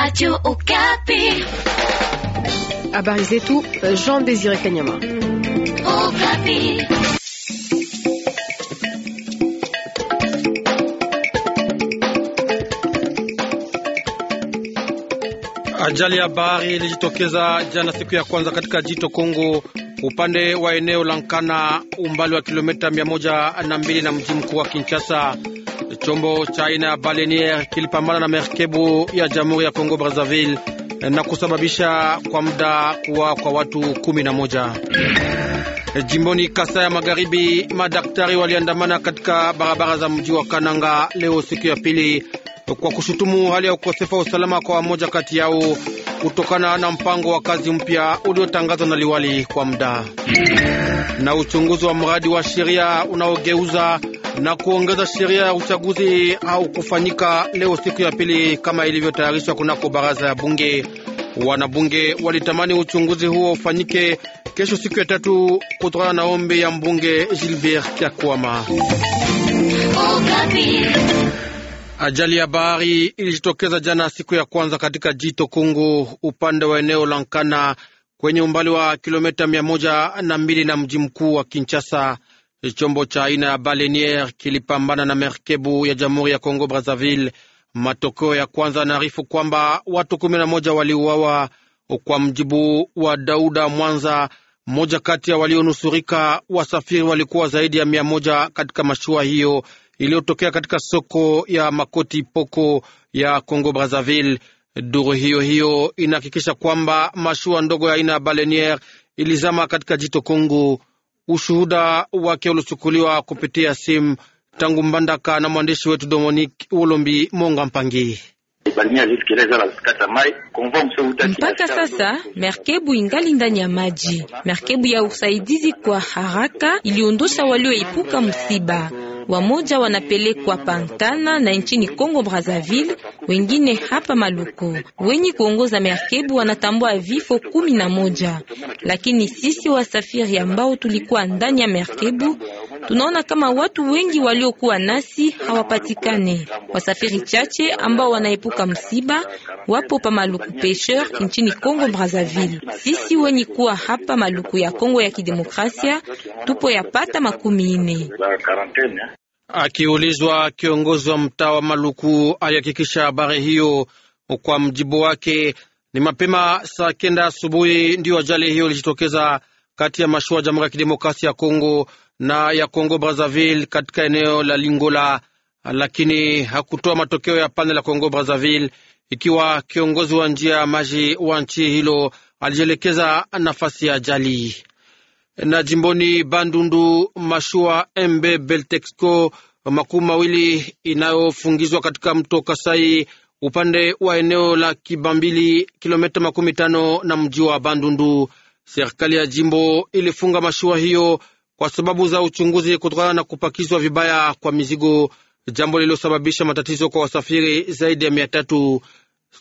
Radio Okapi. Habari zetu euh, Jean Désiré Kanyama. Okapi. Ajali ya bahari ilijitokeza jana siku ya kwanza katika jito Kongo upande wa eneo la Nkana umbali wa kilomita mia moja na mbili na mji mkuu wa Kinshasa. Chombo cha aina ya baleniere kilipambana na merkebu ya Jamhuri ya Kongo Brazzaville na kusababisha kwa muda kuwa kwa watu kumi na moja. Jimboni Kasai ya Magharibi, madaktari waliandamana katika barabara za mji wa Kananga leo siku ya pili kwa kushutumu hali ya ukosefu wa usalama kwa wamoja kati yao kutokana na mpango wa kazi mpya uliotangazwa na liwali kwa muda na uchunguzi wa mradi wa sheria unaogeuza na kuongeza sheria ya uchaguzi au kufanyika leo siku ya pili kama ilivyotayarishwa kunako baraza ya bunge. Wanabunge walitamani uchunguzi huo ufanyike kesho siku ya tatu kutokana na ombi ya mbunge Gilbert Kyakwama. Ajali ya bahari ilijitokeza jana siku ya kwanza katika jito Kungu upande wa eneo la Nkana kwenye umbali wa kilomita mia moja na mbili na mji mkuu wa Kinshasa. Chombo cha aina ya baleniere kilipambana na merkebu ya Jamhuri ya congo Brazzaville. Matokeo ya kwanza yanaarifu kwamba watu kumi na moja waliuawa, kwa mjibu wa Dauda Mwanza. Moja kati ya walionusurika wasafiri walikuwa zaidi ya mia moja katika mashua hiyo iliyotokea katika soko ya Makoti Poko ya congo Brazzaville. Duru hiyo hiyo inahakikisha kwamba mashua ndogo ya aina ya baleniere ilizama katika jito Kongo. Ushuhuda wake ulichukuliwa kupitia simu tangu Mbandaka na mwandishi wetu Dominique Wolombi Monga Mpangi. Mpaka sasa merkebu ingali ndani ya maji. Merkebu ya usaidizi kwa haraka iliondosha walioepuka msiba. Wamoja wanapelekwa Pantana na nchini congo Brazzaville, wengine hapa Maluku. Wenye kuongoza merkebu wanatambua vifo kumi na moja, lakini sisi wasafiri ambao tulikuwa ndani ya merkebu tunaona kama watu wengi waliokuwa nasi hawapatikane. Wasafiri chache ambao wanaepuka msiba wapo pa Maluku pesheur nchini Kongo Brazzaville. Sisi wenye kuwa hapa Maluku ya Kongo ya Kidemokrasia tupo yapata makumi ine. Akiulizwa, kiongozi wa mtaa wa Maluku alihakikisha habari hiyo. Kwa mjibu wake, ni mapema saa kenda asubuhi ndiyo ajali hiyo ilijitokeza kati ya mashua ya Jamhuri ya Kidemokrasia ya Kongo na ya Kongo Brazzaville katika eneo la Lingola, lakini hakutoa matokeo ya pande la Kongo Brazzaville, ikiwa kiongozi wa njia ya maji wa nchi hilo alijielekeza nafasi ya ajali na jimboni Bandundu mashua MB Beltexco makumi mawili inayofungizwa katika mto Kasai upande wa eneo la Kibambili, kilomita makumi tano na mji wa Bandundu. Serikali ya jimbo ilifunga mashua hiyo kwa sababu za uchunguzi kutokana na kupakizwa vibaya kwa mizigo, jambo lililosababisha matatizo kwa wasafiri zaidi ya mia tatu.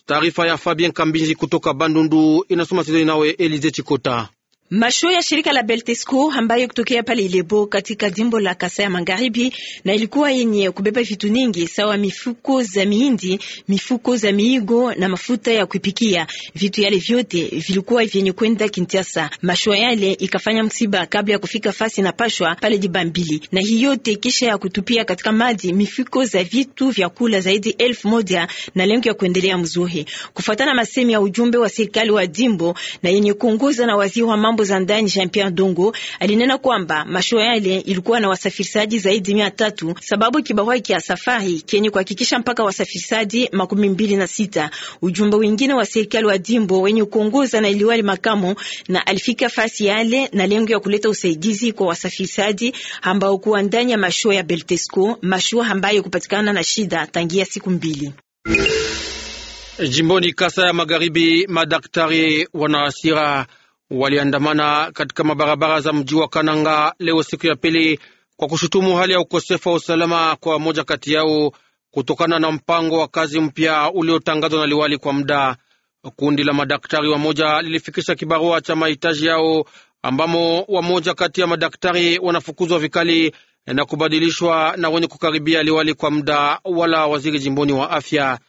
Taarifa ya Fabien Kambinji kutoka Bandundu inasoma Sidoni nawe Elize Chikota. Mashua ya shirika la Beltesco ambayo kutokea pale Ilebo katika jimbo la Kasai ya Magharibi na ilikuwa yenye kubeba vitu nyingi sawa mifuko za mihindi, mifuko za miigo na mafuta ya kupikia. Vitu yale vyote vilikuwa vyenye kwenda Kinshasa. Mashua yale ikafanya msiba kabla ya kufika fasi na pashwa pale Jibambili. Na hiyo yote kisha ya kutupia katika maji mifuko za vitu vya kula zaidi elfu moja na lengo ya kuendelea mzuhi. Kufuatana na masemi ya ujumbe wa serikali wa jimbo na yenye kuongoza na waziri wa mambo mambo za ndani Jean Pierre Dongo alinena kwamba mashua yale ilikuwa na wasafirishaji zaidi mia tatu sababu kibarua kya safari kenye kuhakikisha mpaka wasafirishaji makumi mbili na sita. Ujumbe wengine wa serikali wa jimbo wenye kuongoza na iliwali makamo na alifika fasi yale na lengo ya kuleta usaidizi kwa wasafirishaji ambao kuwa ndani ya mashua ya Beltesco, mashua ambayo kupatikana na shida tangia siku mbili. Jimboni Kasa ya Magharibi, madaktari wana hasira waliandamana katika mabarabara za mji wa Kananga leo siku ya pili kwa kushutumu hali ya ukosefu wa usalama kwa moja kati yao kutokana na mpango wa kazi mpya uliotangazwa na liwali kwa muda. Kundi la madaktari wamoja lilifikisha kibarua cha mahitaji yao ambamo wamoja kati ya madaktari wanafukuzwa vikali na kubadilishwa na wenye kukaribia liwali kwa muda wala waziri jimboni wa afya.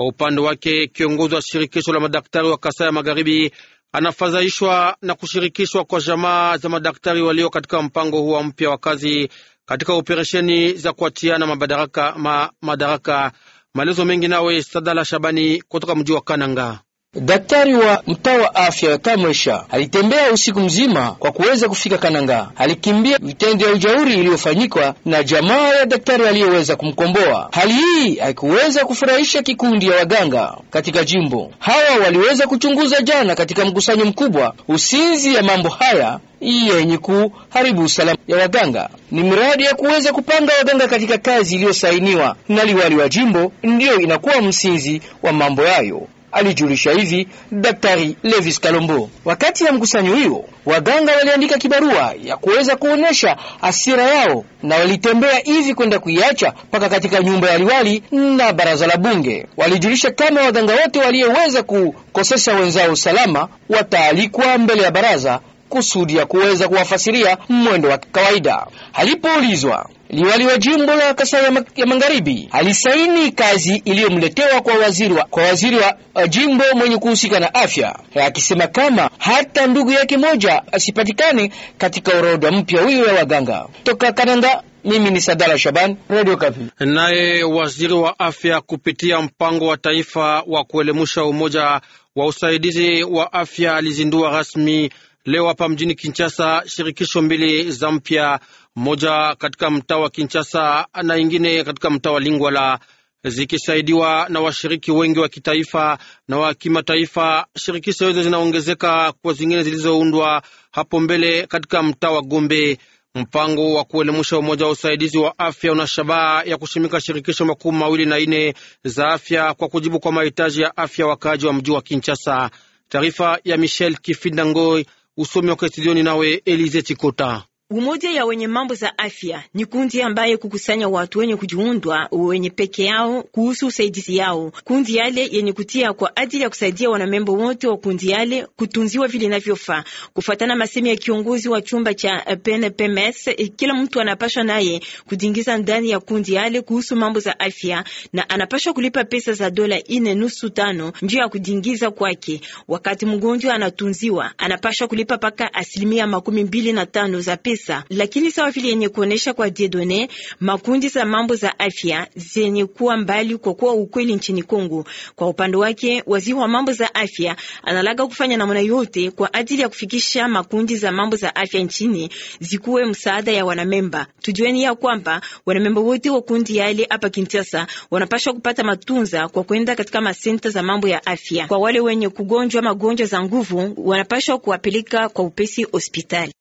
Kwa upande wake kiongozi wa shirikisho la madaktari wa Kasai ya Magharibi anafadhaishwa na kushirikishwa kwa jamaa za madaktari walio katika mpango huo mpya wa kazi katika operesheni za kuachiana madaraka. Ma, madaraka. Maelezo mengi nawe Sadala Shabani kutoka mji wa Kananga. Daktari wa mtaa wa afya Kamwesha alitembea usiku mzima kwa kuweza kufika Kananga. Alikimbia vitendo ya ujauri iliyofanyikwa na jamaa ya daktari aliyeweza kumkomboa. Hali hii haikuweza kufurahisha kikundi ya waganga katika jimbo. Hawa waliweza kuchunguza jana katika mkusanyo mkubwa usinzi ya mambo haya yenye kuharibu usalama ya waganga. Ni mradi ya kuweza kupanga waganga katika kazi iliyosainiwa na liwali wa jimbo, ndiyo inakuwa msinzi wa mambo hayo alijulisha hivi Daktari Levis Kalombo. Wakati ya mkusanyo huo, waganga waliandika kibarua ya kuweza kuonesha hasira yao, na walitembea hivi kwenda kuiacha mpaka katika nyumba ya liwali na baraza la bunge. Walijulisha kama waganga wote walioweza kukosesha wenzao usalama wataalikwa mbele ya baraza kusudi ya kuweza kuwafasiria mwendo wa kawaida. Alipoulizwa liwali wa jimbo la Kasai ya Magharibi alisaini kazi iliyomletewa kwa waziri wa, kwa waziri wa uh, jimbo mwenye kuhusika na afya, akisema kama hata ndugu yake moja asipatikane katika orodha mpya huyo ya waganga toka Kananga. Mimi ni Sadala Shaban, Radio Kapi. Naye waziri wa afya kupitia mpango wa taifa wa kuelemusha umoja wa usaidizi wa afya alizindua rasmi leo hapa mjini Kinshasa shirikisho mbili za mpya moja katika mtaa wa Kinshasa na ingine katika mtaa wa Lingwala, zikisaidiwa na washiriki wengi wa kitaifa na wa kimataifa. Shirikisho hizo zinaongezeka kwa zingine zilizoundwa hapo mbele katika mtaa wa Gombe. Mpango wa kuelimisha umoja wa usaidizi wa afya una shabaha ya kushimika shirikisho makumi mawili na ine za afya kwa kujibu kwa mahitaji ya afya wakaaji wa mji wa Kinshasa. Taarifa ya Michel Kifindangoi, usomi wa kestidioni nawe Elize Chikota. Umoja ya wenye mambo za afya ni kundi ambaye kukusanya watu wenye kujiundwa wenye peke yao kuhusu usaidizi yao. Kundi yale yenye kutia kwa ajili ya kusaidia wanamembo wote wa kundi yale kutunziwa vile inavyofaa. Kufuatana masemi ya kiongozi wa chumba cha PNPMS, kila mtu anapashwa naye kujingiza ndani ya kundi yale kuhusu mambo za afya na anapashwa kulipa pesa za dola ine nusu tano njia ya kujingiza kwake. Wakati mgonjwa anatunziwa, anapashwa kulipa paka asilimia makumi mbili na tano za pesa pesa, lakini sawa vile yenye kuonesha kwa Diedone, makundi za mambo za afya zenye kuwa mbali kwa kuwa ukweli nchini Kongo. Kwa upande wake, waziri wa mambo za afya analaga kufanya namna yote kwa ajili ya kufikisha makundi za mambo za afya nchini zikuwe msaada ya wanamemba. Tujueni ya kwamba wanamemba wote wa kundi yale hapa Kinshasa wanapashwa kupata matunza kwa kwenda katika masenta za mambo ya afya. Kwa wale wenye kugonjwa magonjwa za nguvu wanapashwa kuwapeleka kwa upesi hospitali.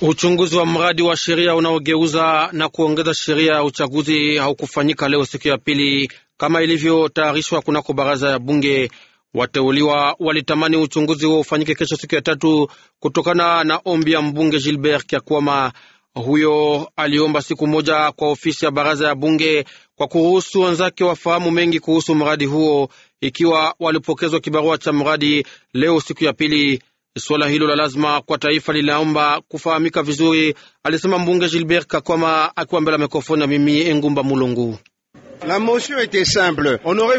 Uchunguzi wa mradi wa sheria unaogeuza na kuongeza sheria ya uchaguzi haukufanyika leo siku ya pili kama ilivyotayarishwa kunako baraza ya bunge. Wateuliwa walitamani uchunguzi huo ufanyike kesho siku ya tatu, kutokana na ombi ya mbunge Gilbert Kyakwama. Huyo aliomba siku moja kwa ofisi ya baraza ya bunge kwa kuruhusu wenzake wafahamu mengi kuhusu mradi huo, ikiwa walipokezwa kibarua cha mradi leo siku ya pili. Swala hilo la lazima kwa taifa linaomba kufahamika vizuri, alisema mbunge Gilbert Kakwama akiwa mbele ya mikrofoni ya mimi Engumba Mulungu.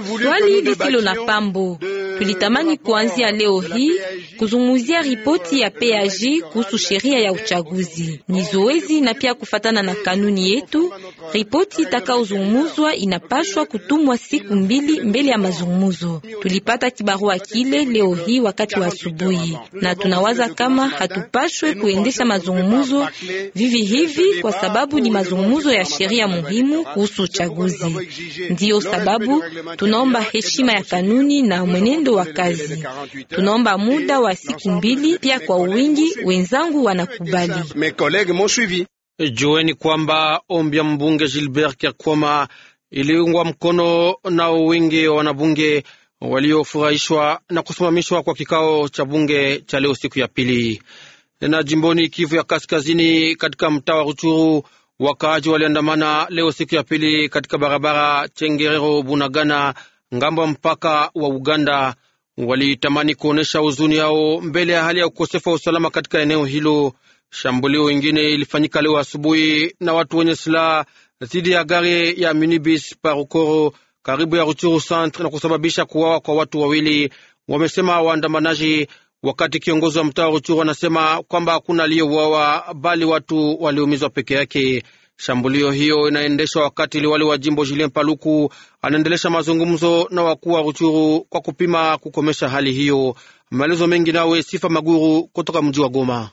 Swali hili silo pambo, Tulitamani kuanzia leo hii kuzungumzia ripoti ya PAG kuhusu sheria ya uchaguzi. Ni zoezi na pia kufatana na kanuni yetu, ripoti itakayozungumzwa inapashwa kutumwa siku mbili mbele ya mazungumzo. Tulipata kibarua kile leo hii wakati wa asubuhi, na tunawaza kama hatupashwe kuendesha mazungumzo vivi hivi, kwa sababu ni mazungumzo ya sheria muhimu kuhusu uchaguzi. Ndiyo sababu tunaomba heshima ya kanuni na mwenendo mwenendo wa kazi. Tunaomba muda wa siku mbili pia kwa wingi, wenzangu wanakubali. Jueni kwamba ombi ya mbunge Gilbert Kakwama iliungwa mkono na wingi wa wanabunge waliofurahishwa na kusimamishwa kwa kikao cha bunge cha leo siku ya pili. Na jimboni Kivu ya Kaskazini, katika mtaa wa Ruchuru, wakaaji waliandamana leo siku ya pili katika barabara Chengerero Bunagana ngambo ya mpaka wa Uganda walitamani kuonyesha huzuni yao mbele ya hali ya ukosefu wa usalama katika eneo hilo. Shambulio ingine ilifanyika leo asubuhi na watu wenye silaha dhidi ya gari ya minibus Parukoro karibu ya Ruchuru centre na kusababisha kuwawa kwa watu wawili, wamesema waandamanaji, wakati kiongozi wa mtaa wa Ruchuru anasema kwamba hakuna aliyeuawa bali watu waliumizwa peke yake. Shambulio hiyo inaendeshwa wakati liwali wa jimbo Julien Paluku anaendelesha mazungumzo na wakuu wa Ruchuru kwa kupima kukomesha hali hiyo. Maelezo mengi nawe Sifa Maguru kutoka mji wa Goma.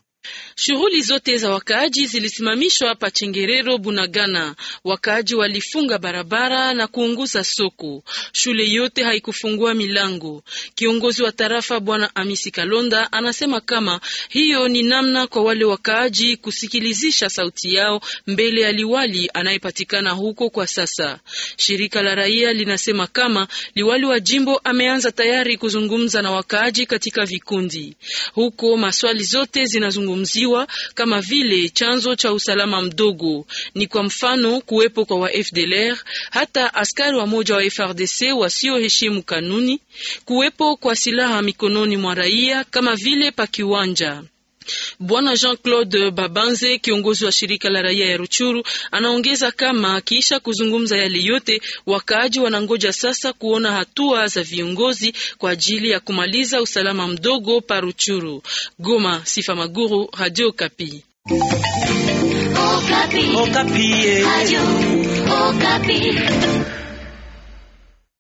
Shughuli zote za wakaaji zilisimamishwa hapa Chengerero Bunagana. Wakaaji walifunga barabara na kuunguza soko, shule yote haikufungua milango. Kiongozi wa tarafa Bwana Amisi Kalonda anasema kama hiyo ni namna kwa wale wakaaji kusikilizisha sauti yao mbele ya liwali anayepatikana huko kwa sasa. Shirika la raia linasema kama liwali wa jimbo ameanza tayari kuzungumza na wakaaji katika vikundi huko, maswali zote zinazungumzwa kuzungumziwa kama vile chanzo cha usalama mdogo, ni kwa mfano kuwepo kwa wa FDLR, hata askari wa moja wa FRDC wasioheshimu kanuni, kuwepo kwa silaha mikononi mwa raia kama vile pakiwanja Bwana Jean-Claude Babanze, kiongozi wa shirika la raia ya Ruchuru, anaongeza kama kisha kuzungumza yale yote, wakaaji wanangoja sasa kuona hatua za viongozi kwa ajili ya kumaliza usalama mdogo pa Ruchuru. Goma, Sifa Maguru, Radio Kapi. Okapi. Okapi. Okapi. Eh.